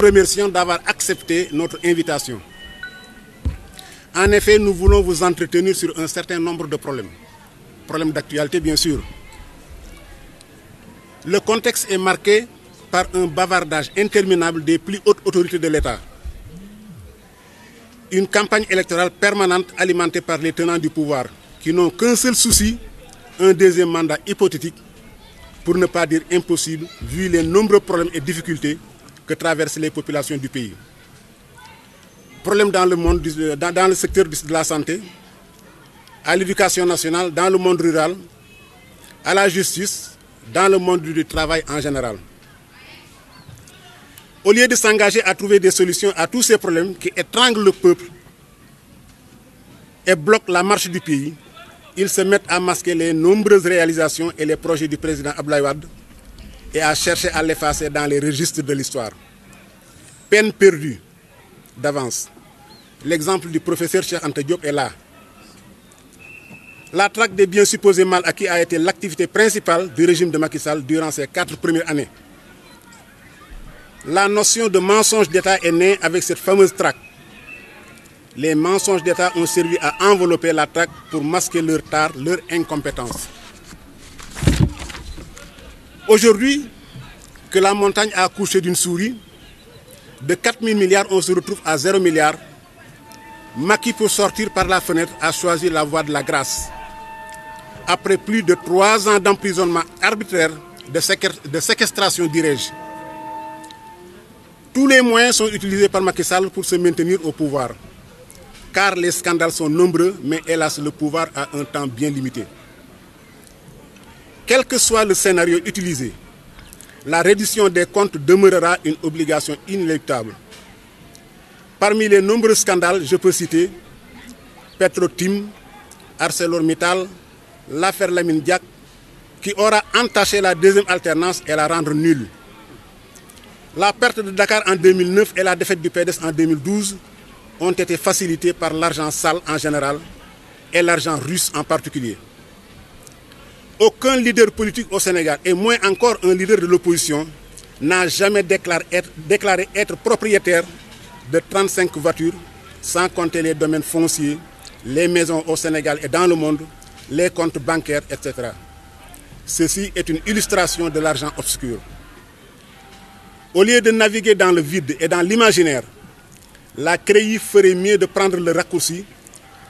Nous remercions d'avoir accepté notre invitation. En effet, nous voulons vous entretenir sur un certain nombre de problèmes. Problèmes d'actualité, bien sûr. Le contexte est marqué par un bavardage interminable des plus hautes autorités de l'État. Une campagne électorale permanente alimentée par les tenants du pouvoir qui n'ont qu'un seul souci, un deuxième mandat hypothétique, pour ne pas dire impossible, vu les nombreux problèmes et difficultés que traversent les populations du pays. Problèmes dans le, monde, euh, dans, dans le secteur de la santé, à l'éducation nationale, dans le monde rural, à la justice, dans le monde du travail en général. Au lieu de s'engager à trouver des solutions à tous ces problèmes qui étranglent le peuple et bloquent la marche du pays, ils se mettent à masquer les nombreuses réalisations et les projets du président Ablaïwad et à chercher à l'effacer dans les registres de l'histoire. Peine perdue d'avance. L'exemple du professeur Cheikh Ante Diop est là. La traque des biens supposés mal acquis a été l'activité principale du régime de Macky Sall durant ses quatre premières années. La notion de mensonge d'État est née avec cette fameuse traque. Les mensonges d'État ont servi à envelopper la traque pour masquer leur tard, leur incompétence. Aujourd'hui, que la montagne a accouché d'une souris, de 4 000 milliards, on se retrouve à 0 milliard. Maki, pour sortir par la fenêtre, a choisi la voie de la grâce. Après plus de 3 ans d'emprisonnement arbitraire, de, séquestration, dirais-je, tous les moyens sont utilisés par Macky Sall pour se maintenir au pouvoir. Car les scandales sont nombreux, mais hélas, le pouvoir a un temps bien limité. Quel que soit le scénario utilisé, la réduction des comptes demeurera une obligation inéluctable. Parmi les nombreux scandales, je peux citer Petrotim, ArcelorMittal, l'affaire Lamine Diak, qui aura entaché la deuxième alternance et la rendre nulle. La perte de Dakar en 2009 et la défaite du PDS en 2012 ont été facilitées par l'argent sale en général et l'argent russe en particulier. Aucun leader politique au Sénégal, et moins encore un leader de l'opposition, n'a jamais déclaré être, déclaré être propriétaire de 35 voitures, sans compter les domaines fonciers, les maisons au Sénégal et dans le monde, les comptes bancaires, etc. Ceci est une illustration de l'argent obscur. Au lieu de naviguer dans le vide et dans l'imaginaire, la CREI ferait mieux de prendre le raccourci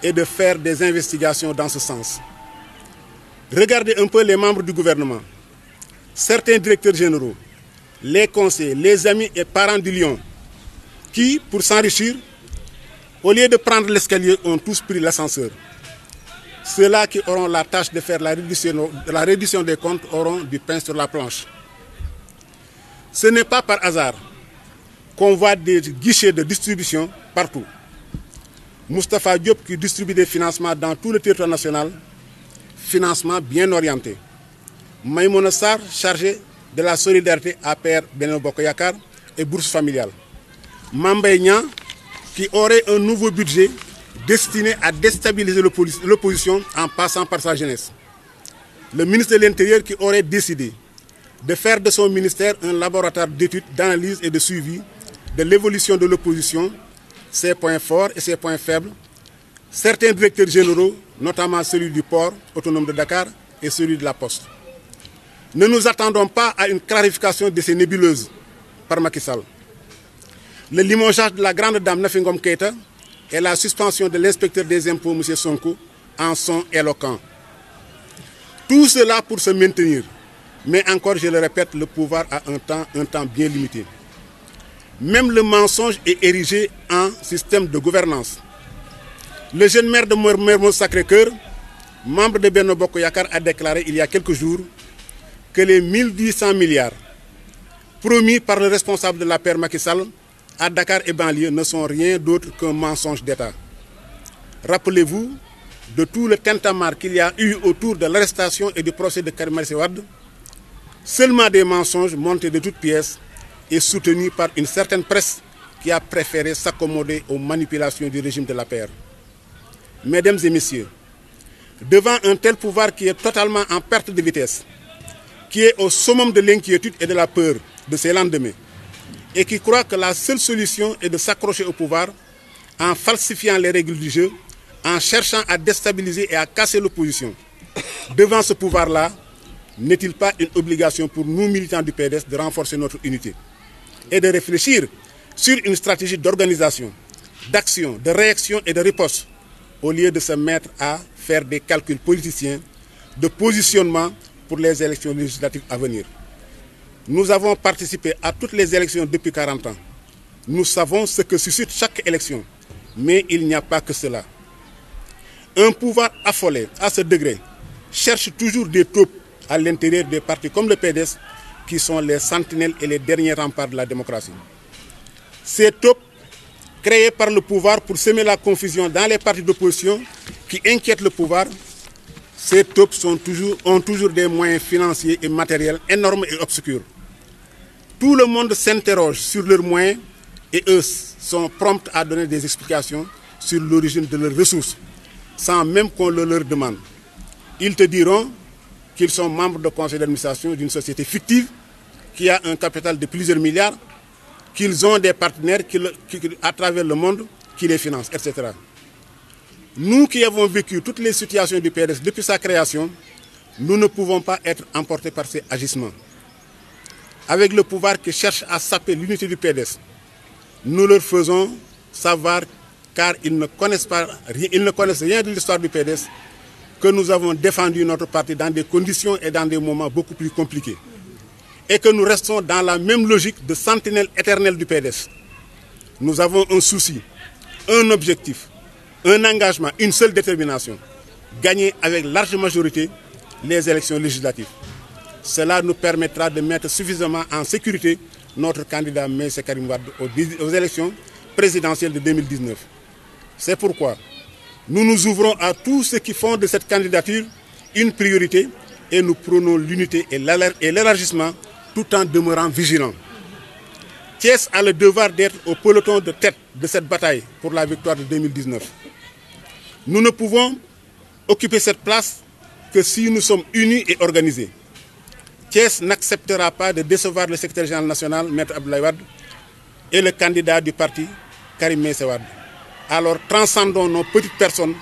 et de faire des investigations dans ce sens. Regardez un peu les membres du gouvernement, certains directeurs généraux, les conseils, les amis et parents du lion, qui, pour s'enrichir, au lieu de prendre l'escalier, ont tous pris l'ascenseur. Ceux-là qui auront la tâche de faire la réduction, des comptes auront du pain sur la planche. Ce n'est pas par hasard qu'on voit des guichets de distribution partout. Moustapha Diop qui distribue des financements dans tout le territoire national financement bien orienté. Maïmona Sar, chargé de la solidarité à Père Beno Bokoyakar et bourse familiale. Nyan, qui aurait un nouveau budget destiné à déstabiliser l'opposition en passant par sa jeunesse. Le ministre de l'Intérieur qui aurait décidé de faire de son ministère un laboratoire d'études, d'analyse et de suivi de l'évolution de l'opposition, ses points forts et ses points faibles, certains directeurs généraux notamment celui du port autonome de Dakar et celui de la Poste. Ne nous attendons pas à une clarification de ces nébuleuses par Macky Sall. Le limogeage de la grande dame Nafingom Keita et la suspension de l'inspecteur des impôts, M. Sonko, en sont éloquents. Tout cela pour se maintenir. Mais encore, je le répète, le pouvoir a un temps, un temps bien limité. Même le mensonge est érigé en système de gouvernance. Le jeune maire de Mon Sacré-Cœur, membre de Benno a déclaré il y a quelques jours que les 1800 milliards promis par le responsable de la paire Macky Sall à Dakar et banlieue ne sont rien d'autre qu'un mensonge d'État. Rappelez-vous de tout le tintamarre qu'il y a eu autour de l'arrestation et du procès de Karim Sewad, seulement des mensonges montés de toutes pièces et soutenus par une certaine presse qui a préféré s'accommoder aux manipulations du régime de la paire. Mesdames et messieurs, devant un tel pouvoir qui est totalement en perte de vitesse, qui est au summum de l'inquiétude et de la peur de ces lendemains, et qui croit que la seule solution est de s'accrocher au pouvoir en falsifiant les règles du jeu, en cherchant à déstabiliser et à casser l'opposition. Devant ce pouvoir-là, n'est-il pas une obligation pour nous, militants du PDS, de renforcer notre unité et de réfléchir sur une stratégie d'organisation, d'action, de réaction et de riposte au lieu de se mettre à faire des calculs politiciens de positionnement pour les élections législatives à venir. Nous avons participé à toutes les élections depuis 40 ans. Nous savons ce que suscite chaque élection, mais il n'y a pas que cela. Un pouvoir affolé à ce degré cherche toujours des troupes à l'intérieur des partis comme le PDS, qui sont les sentinelles et les derniers remparts de la démocratie. Ces troupes Créés par le pouvoir pour semer la confusion dans les partis d'opposition qui inquiètent le pouvoir, ces tops ont toujours des moyens financiers et matériels énormes et obscurs. Tout le monde s'interroge sur leurs moyens et eux sont prompts à donner des explications sur l'origine de leurs ressources, sans même qu'on le leur demande. Ils te diront qu'ils sont membres de conseil d'administration d'une société fictive qui a un capital de plusieurs milliards qu'ils ont des partenaires à travers le monde qui les financent, etc. Nous qui avons vécu toutes les situations du PDS depuis sa création, nous ne pouvons pas être emportés par ces agissements. Avec le pouvoir qui cherche à saper l'unité du PDS, nous leur faisons savoir, car ils ne connaissent, ils ne connaissent rien de l'histoire du PDS, que nous avons défendu notre parti dans des conditions et dans des moments beaucoup plus compliqués et que nous restons dans la même logique de sentinelle éternelle du PDS. Nous avons un souci, un objectif, un engagement, une seule détermination, gagner avec large majorité les élections législatives. Cela nous permettra de mettre suffisamment en sécurité notre candidat M. Karim aux élections présidentielles de 2019. C'est pourquoi nous nous ouvrons à tous ceux qui font de cette candidature une priorité et nous prenons l'unité et l'élargissement tout en demeurant vigilant. Thiès a le devoir d'être au peloton de tête de cette bataille pour la victoire de 2019. Nous ne pouvons occuper cette place que si nous sommes unis et organisés. Thiès n'acceptera pas de décevoir le secrétaire général national, Maître Abdoulaye et le candidat du parti, Karim Messewad. Alors transcendons nos petites personnes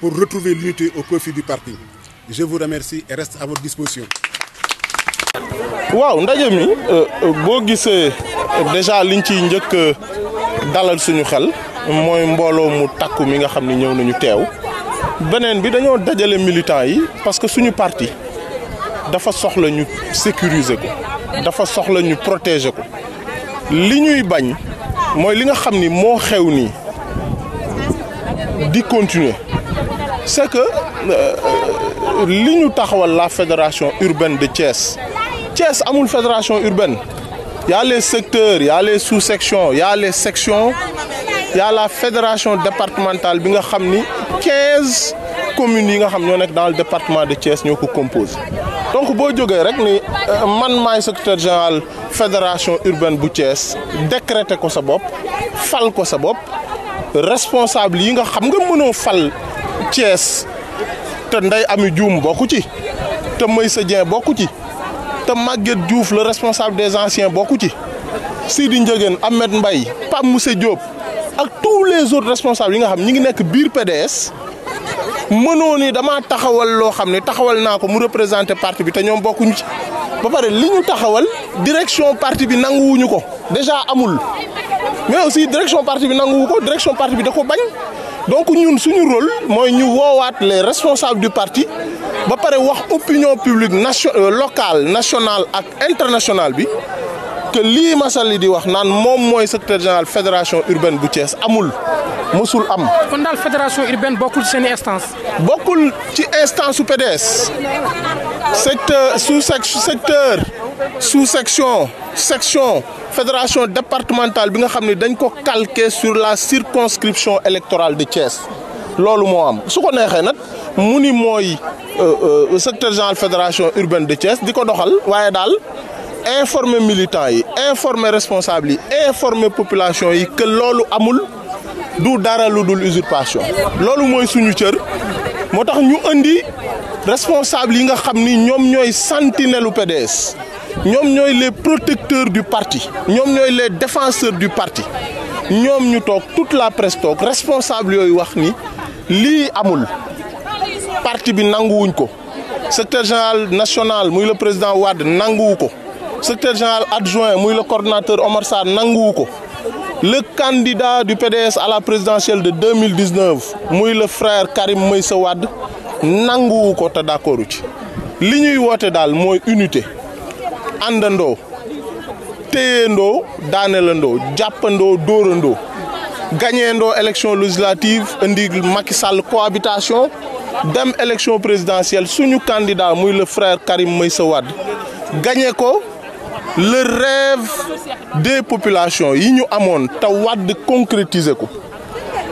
pour retrouver l'unité au profit du parti. Je vous remercie et reste à votre disposition waaw ndaje mi euh, euh, boo gisee déjà liñ ci njëkk dalal suñu xel mooy mbooloo mu takku mi nga xam ne ñëw nañu teew beneen bi dañoo dajale militants yi parce que suñu parti dafa soxla ñu sécuriser ko dafa soxla ñu protéger ko li ñuy bañ mooy li nga xam ni moo xew ni di continuer c'est que euh, liñu taxawal la fédération urbaine de Thiès Thiès fédération urbaine y a les secteurs il y a les sous-sections il y a les sections il y a la fédération départementale Il y a 15 communes dans le département de Thiès qui composent. donc si vous avez ni euh, man le secrétaire général fédération urbaine de Thiès décrété ko sa fal ko sa bop responsable yi nga xam nga mëno fal Thiès te nday bokku ci te sa bokku ci le responsable des anciens si Sidi Ahmed Mbaye Pam Moussé Diop et tous les autres responsables yi nga xam ngi PDS dama taxawal lo taxawal parti bi te ñom ci ba taxawal direction parti bi déjà amul mais aussi direction parti bi de ko direction parti bi da ko donc ñun suñu rôle Moi ñu woowaat les responsables du parti ba pare wax opinion publique euh, locale nationale et internationale bi que lii Massaly di wax naan mom moy secrétaire général fédération urbaine bu Thiès amul musul am. kon fédération urbaine bokul ci instances. instance. d'instances. ci instance ou PDS secteur sous-secteur sous-section section fédération départementale bi nga calqué sur la circonscription électorale de Thiès C'est ce am a. ko Je nag mu que euh, euh, le secteur général fédération urbaine de Thiès a ko doxal informer militants informer responsables informer population que lolu amul du dara lu usurpation lolu moy suñu motax ñu indi responsable responsables sont les sentinelles sentinelle PDS nous sommes les protecteurs du parti les défenseurs du parti nous ñu toute la presse responsable yooyu wax ni amul parti bi Le ko secrétaire général national muy le président Wade nanguwu ko secrétaire général adjoint muy le coordonnateur Omar Sarr nanguwu le candidat du PDS à la présidentielle de 2019 muy le frère Karim Moïse Wad nanguwu ko te d'accordu ci li ñuy woote daal mooy unité àndandoo téyandoo daanelandoo jàppandoo dóorandoo gañeendoo élection législative indi Macky Sall cohabitation dem élection présidentielle suñu candidat muy le frère Karim Meïssa Wade gañe ko le rêve des yi ñu amoon te Wade concrétiser ko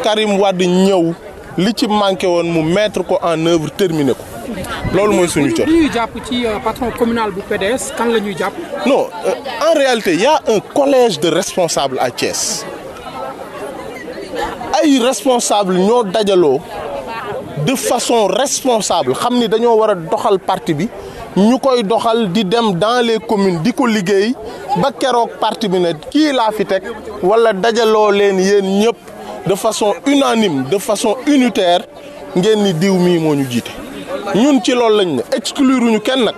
Karim wad ñëw li ci manqué won mu mettre ko en œuvre terminer ko lolou moy suñu cër. ñuy japp ci euh, patron communal bu PDS kan lañuy japp non euh, en réalité il y a un collège de responsables à Thiès ay responsables ñoo dajalo de façon responsable xamni dañoo wara doxal parti bi ñu koy doxal di dem dans les communes di ko liggéey ba keroog parti bi ne kii laa fi teg wala dajaloo leen yéen ñëpp de façon unanime de façon unitaire ngeen ni diw mii moo ñu jiite ñun ci lool lañ ne exclure ñu kenn nak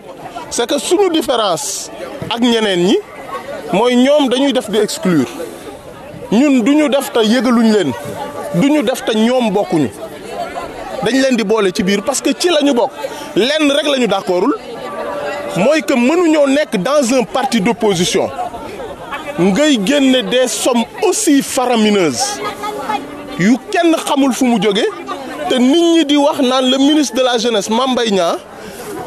c'est que suñu différence ak ñeneen ñi moy ñom dañuy def di exclure ñun duñu def ta yëgaluñ leen duñu def ta ñom bokkuñu dañ leen di bolé ci biir parce que ci lañu ñu bokk lenn rek lañu d'accordul moy que ñoo nekk dans un parti d'opposition ngay génne des sommes aussi faramineuses yu kenn xamul fu mu jóge te nit ñi di wax naan le ministre de la jeunesse Mame Mbaye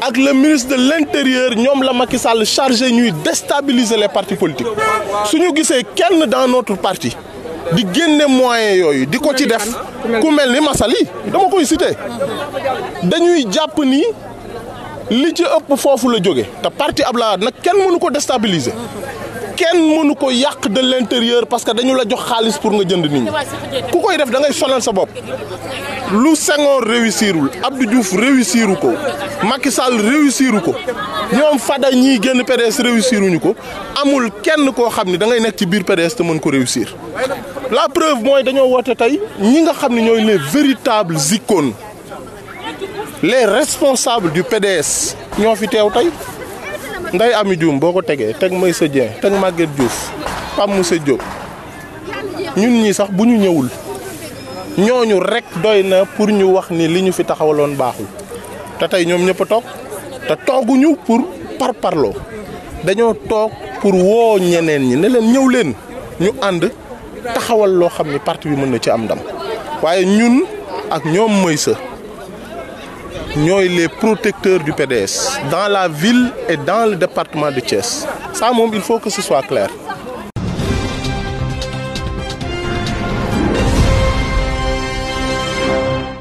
ak le ministre de l'intérieur ñoom la Macky Sall chargé ñuy déstabiliser les partis politiques suñu ñu gisee kenn dans notre parti di génne moyen yooyu di ko ci def ku mel ni Massaly dama koy cité dañuy jàpp ni li ci ëpp foofu la jóge te parti Abdoulaye kenn mënu ko déstabiliser kenn mënu ko yàq de l'intérieur parce que dañu la jox xaalis pour nga jënd nit ñi ku koy def da ngay sonal sa bop lu Senghor réussirul Abdou Diouf réussirou ko Macky Sall réussirou ko ñom Fada ñi génn PDS réussirou ñuko amul kenn ko xamni da ngay nekk ci biir PDS te mën ko réussir la preuve moy dañu woote tay ñi nga xamni ñoy les véritables icônes les responsables du PDS ñoo fi teew tey nday ami dioum boko tege tek may se dien tek magge djouf pam moussa djop ñun ñi sax buñu ñewul ñoñu rek doyna pour ñu wax ni liñu ñu fi taxawaloon ta ta tey ñoom ñëpp toog te tooguñu pour par parlo dañoo tok pour wo ñeneen ñi ne leen ñew leen ñu and taxawal lo xamni parti bi mëna ci am ndam waye ñun ak ñom moy se il les protecteurs du PDS dans la ville et dans le département de Thiès ça il faut que ce soit clair